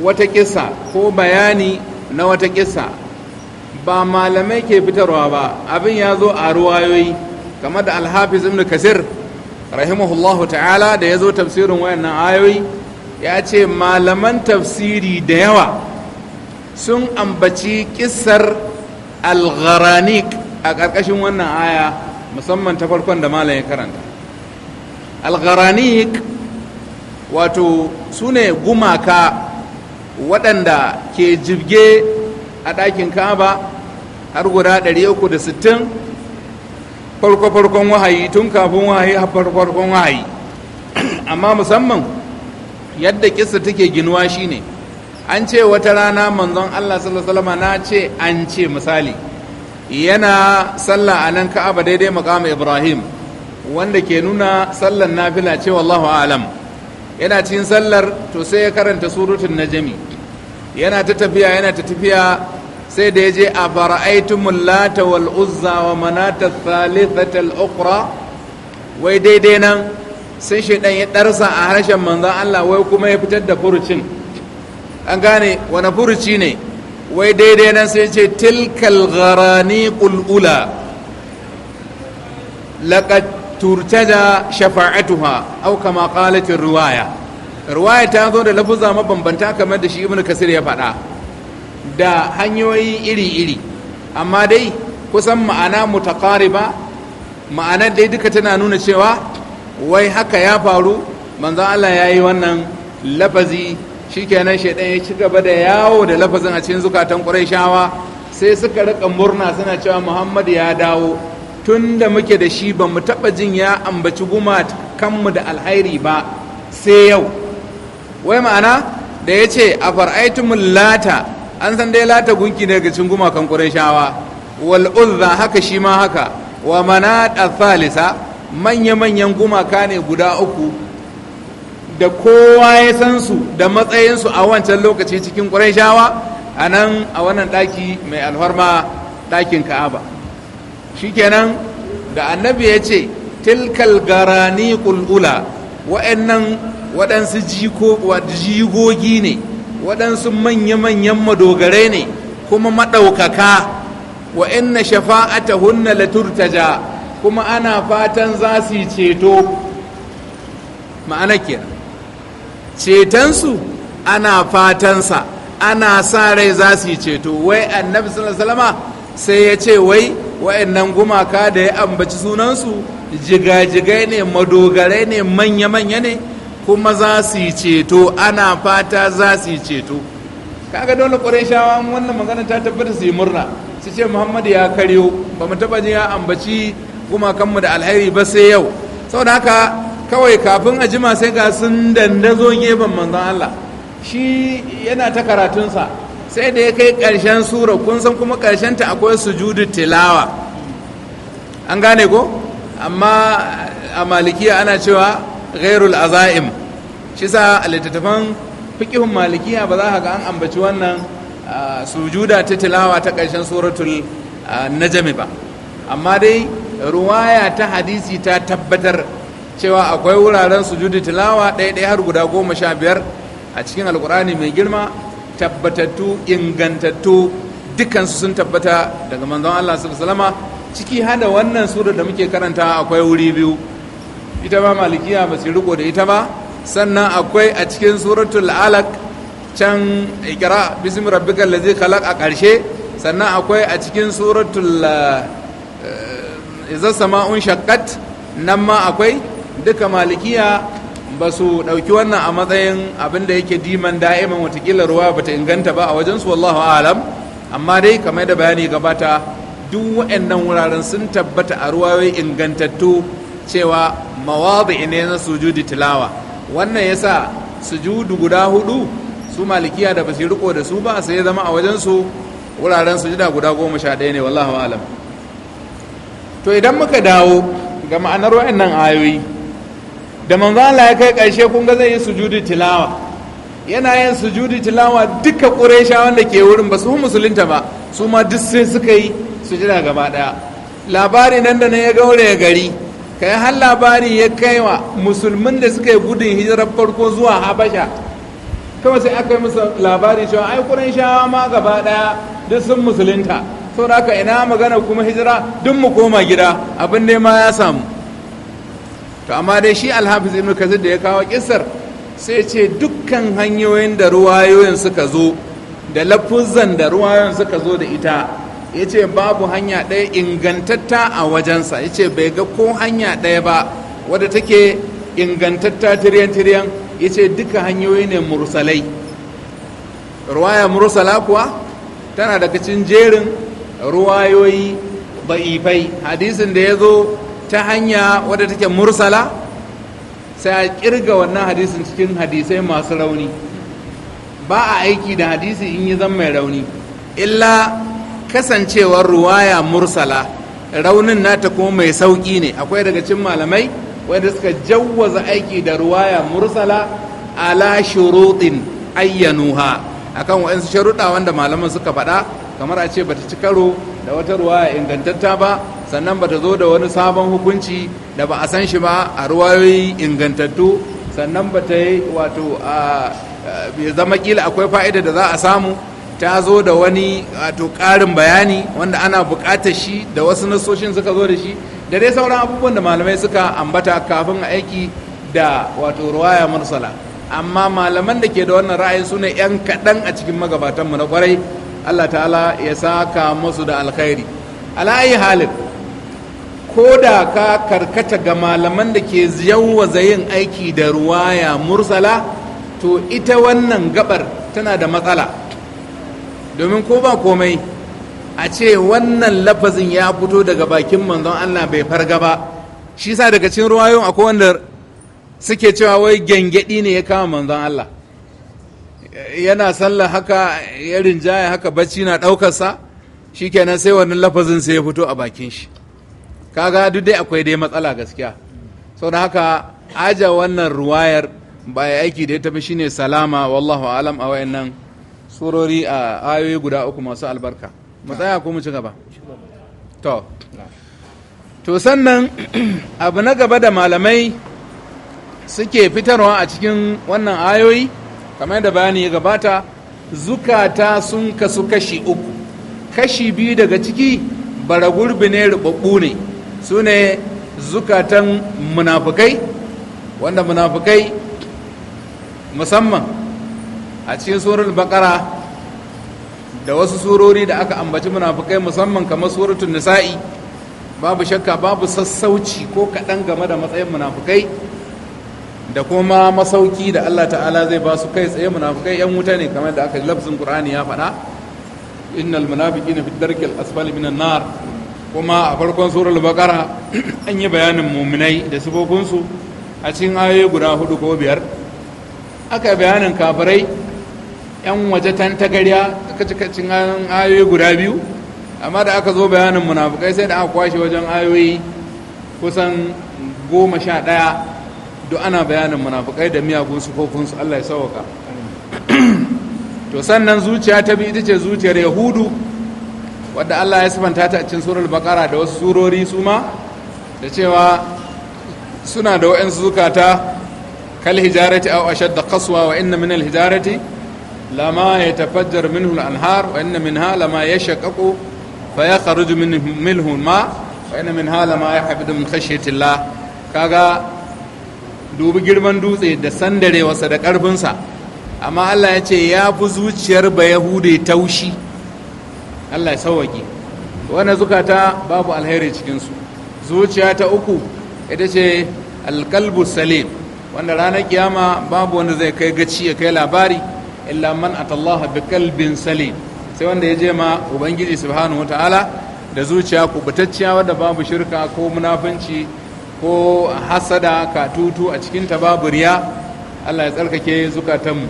wata kisa ko bayani na wata kisa ba malamai ke fitarwa ba abin ya zo a ruwayoyi kamar da alhafiz ibn kasir rahimahullahu ta'ala da ya zo tafsirin wayannan ayoyi ya ce malaman tafsiri da yawa sun ambaci kisar algharanik a ƙarƙashin wannan aya musamman ta farkon da malam ya karanta algharanik wato su ne gumaka waɗanda ke jibge a ɗakin kaba har guda 360 farko-farkon wahayi tun kafin wahayi har farko-farkon wahayi amma musamman yadda kisa take ginuwa shine an ce wata rana manzon Allah sallallahu na ce an ce misali yana sallah a nan ka'aba daidai makamu ibrahim wanda ke nuna sallan nafila ce wallahu alam yana cikin sallar to sai ya karanta surutun jami yana ta tafiya yana ta tafiya sai da ya je a fara'aitumul mulata wal uzza wa manata thalithat al wai daidai nan sai shaidan ya darsa a harshen manzon Allah wai kuma ya fitar da furucin an gane wani furuci ne wai daidai nan sai ce tilkal gharani qulula laqad turtaja shafa'atuha aw kama qalat riwaya ruwaya ta zo da lafuza mabambanta kamar da shi ibn kasir ya faɗa da hanyoyi iri-iri amma dai kusan ma'ana ba ma'anar dai duka tana nuna cewa wai haka ya faru manzan Allah ya yi wannan lafazi shikenan shaidan ya ci gaba da yawo da lafazin a cikin zukatan shawa sai suka rika murna suna cewa Muhammad ya dawo tun da muke da shi ba mu taɓa jin ya ambaci guma kanmu da alhairi ba sai yau wai ma'ana da ya ce a far'aitu lata an san dai lata gunki daga cin gumakan shawa wal uzza haka shi ma haka wa manata thalisa manya-manyan gumaka ne guda uku da kowa ya san su da matsayinsu a wancan lokaci cikin shawa a nan a wannan ɗaki mai alfarma ɗakin ka'aba shikenan da annabi ya ce tilkal garani ƙul'ula wa'annan waɗansu jigogi ne waɗansu manya-manyan madogarai ne kuma maɗaukaka wa inna shafa'ata hunna laturtaja kuma ana fatan za su yi ceto ma'ana kira cetonsu ana fatansa ana sa rai za su ceto wai annabi salama sai ya ce wai wa'annan gumaka da ya ambaci sunansu jigajigai ne madogarai ne manya-manya ne kuma za su yi ceto ana fata za su yi ceto kaga dole ƙwarai wannan magana ta tabbata su yi murna su ce muhammadu ya karyo ba mu taɓa ya ambaci kanmu da alheri ba sai yau sau da haka kawai kafin a jima sai ga sun dandazo gefen manzon allah shi yana ta karatunsa sai da ya kai ƙarshen sura kun san kuma ta akwai sujudu tilawa an gane ko amma a malikiya ana cewa Gairul azaim shi sa a littattafan fikihun malikiya ba za ka ga an ambaci wannan sujuda ta tilawa ta ƙarshen suratul najami ba amma dai ruwaya ta hadisi ta tabbatar cewa akwai wuraren sujudi tilawa ɗaya-ɗaya har guda goma sha biyar a cikin alkurani mai girma tabbatattu ingantattu dukansu sun tabbata daga manzon Allah salama ciki hada wannan sura da muke karanta akwai wuri biyu ita ma malikiya ba su riko da ita ba sannan akwai a cikin suratul alaq can ikra bismi rabbikal ladzi khalaq a karshe sannan akwai a cikin suratul eh, eh, idza sama'un shaqqat nan ma akwai duka malikiya ba su ɗauki wannan a matsayin abin da yake diman da'iman watakila ruwa ba ta inganta ba a wajen su wallahu alam amma dai kamar da bayani gabata duk waɗannan wuraren sun tabbata a ruwa wai ingantattu cewa mawadi ne na sujudi tilawa wannan yasa sujudu guda hudu su malikiya da basu riko da su ba sai zama a wajen su wuraren sujuda guda goma sha ɗaya ne wallahu alam to idan muka dawo ga ma'anar wa'annan ayoyi da manzo Allah ya kai karshe kun ga zai yi sujudi tilawa yana yin sujudi tilawa duka ƙuresha wanda ke wurin ba su musulunta ba su ma duk sai suka yi sujuda gaba ɗaya labari nan da nan ya gaure gari kai har labari ya kai wa musulmin da suka yi gudun hijirar farko zuwa habasha kawai sai aka yi musu labari cewa ai kurin shawa ma gaba daya duk sun musulunta da aka ina magana kuma hijira duk mu koma gida abin nema ma ya samu to amma dai shi alhafiz ibn kazir da ya kawo kissar sai ce dukkan hanyoyin da ruwayoyin suka zo da lafuzan da ruwayoyin suka zo da ita ya ce babu hanya ɗaya ingantatta a wajensa ya ce bai ga ko hanya ɗaya ba wadda take ingantatta tiryan-tiryan ya ce duka hanyoyi ne mursalai ruwaya mursala kuwa tana daga cikin jerin ruwayoyi ba'ifai hadisin da ya zo ta hanya wadda take mursala sai a kirga wannan hadisin cikin hadisai masu rauni ba a aiki da hadisi in yi zan mai rauni illa kasancewar ruwaya mursala raunin nata kuma mai sauki ne akwai daga cin malamai wanda suka jawwaza aiki da ruwaya mursala ala shuruɗin ayyanuha akan waansu sharuɗa wanda malaman suka faɗa kamar a ce bata ci karo da wata ruwaya ingantatta ba sannan bata zo da wani sabon hukunci da ba a san shi ba a ruwayoyi ingantattu sannan bata yi wato a zama kila akwai fa'ida da za a samu ta zo da wani wato ƙarin bayani wanda ana buƙatar shi da wasu nasoshin suka zo da shi da dai sauran abubuwan da malamai suka ambata kafin aiki da wato ruwaya mursala amma malaman da ke da wannan ra'ayin su ne 'yan kaɗan a cikin magabatanmu na kwarai allah ta'ala ya saka musu da alkhairi ala'ayi halin ko da ka karkata ga malaman da ke yawwaza yin aiki da ruwaya mursala to ita wannan gabar tana da matsala domin ko ba komai a ce wannan lafazin ya fito daga bakin manzon Allah bai farga ba shi sa daga cikin ruwayoyin akwai wanda suke cewa wai gyangyaɗi ne ya kama manzon Allah yana sallah haka ya rinjaya haka bacci na ɗaukarsa shikenan sai wannan lafazin sai ya fito a bakin shi kaga duk dai akwai dai matsala gaskiya sau da haka aja wannan ruwayar ba ya aiki da ya tafi shine salama wallahu alam a wayannan surori a ayoyi guda uku masu albarka matsaya ko mu ci gaba to to sannan abu na gaba da malamai suke fitarwa a cikin wannan ayoyi kamar da bayani ya gabata zukata sun kasu kashi uku kashi biyu daga ciki bara gurbi ne rubabbu ne su ne zukatan munafukai wanda munafukai musamman a cikin surar bakara da wasu surori da aka ambaci munafukai musamman kamar suratul nisa'i babu shakka babu sassauci ko kaɗan game da matsayin munafukai da kuma masauki da Allah ta'ala zai ba su kai tsaye munafukai yan wuta ne kamar da aka yi lafzin Qur'ani ya faɗa innal munafiqin fi darkil asfali an nar kuma a farkon surar bakara an yi bayanin muminai da sifofinsu a cikin ayoyi guda hudu ko biyar aka bayanin kafirai 'yan waje tan ci kacin ayoyi guda biyu amma da aka zo bayanin munafukai sai da aka kwashe wajen ayoyi kusan goma sha ɗaya duk ana bayanin munafukai da miyagun sufofinsu allah ya sauka to sannan zuciya ta bi ita ce zuciyar yahudu wadda allah ya sifanta ta a cikin surar bakara da wasu surori su ma da cewa suna da wa'yansu zukata kal hijarati aw ashadda qaswa wa inna min al hijarati لما يتفجر منه الأنهار وإن منها لما يشقق فيخرج منه منه الماء وإن منها لما يحبد من خشية الله كذا dubi girman dutse da sandarewarsa da ƙarfinsa amma Allah ya ce ya fi zuciyar ba yahude taushi Allah ya sauwaƙe wannan zukata babu alheri cikinsu zuciya ta uku ita ce alkalbu salim wanda ranar kiyama babu wanda zai kai gaci ya kai labari illa man atallaha bi kalbin salim sai wanda ya je ma ubangiji subhanahu wataala da zuciya kubutacciya wadda babu shirka ko munafunci ko hasada ka tutu a cikin ta babu riya Allah ya tsarkake zukatanmu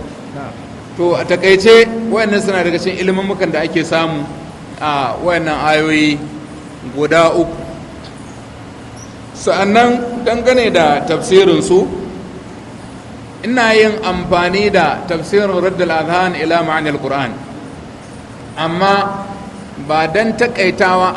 to a takaice wayannan suna daga cikin ilimin mukan da ake samu a wayannan ayoyi guda uku sa'annan dangane da tafsirin su ina yin amfani da tafsirin raddul adhan ila ma'anil qur'an amma ba dan takaitawa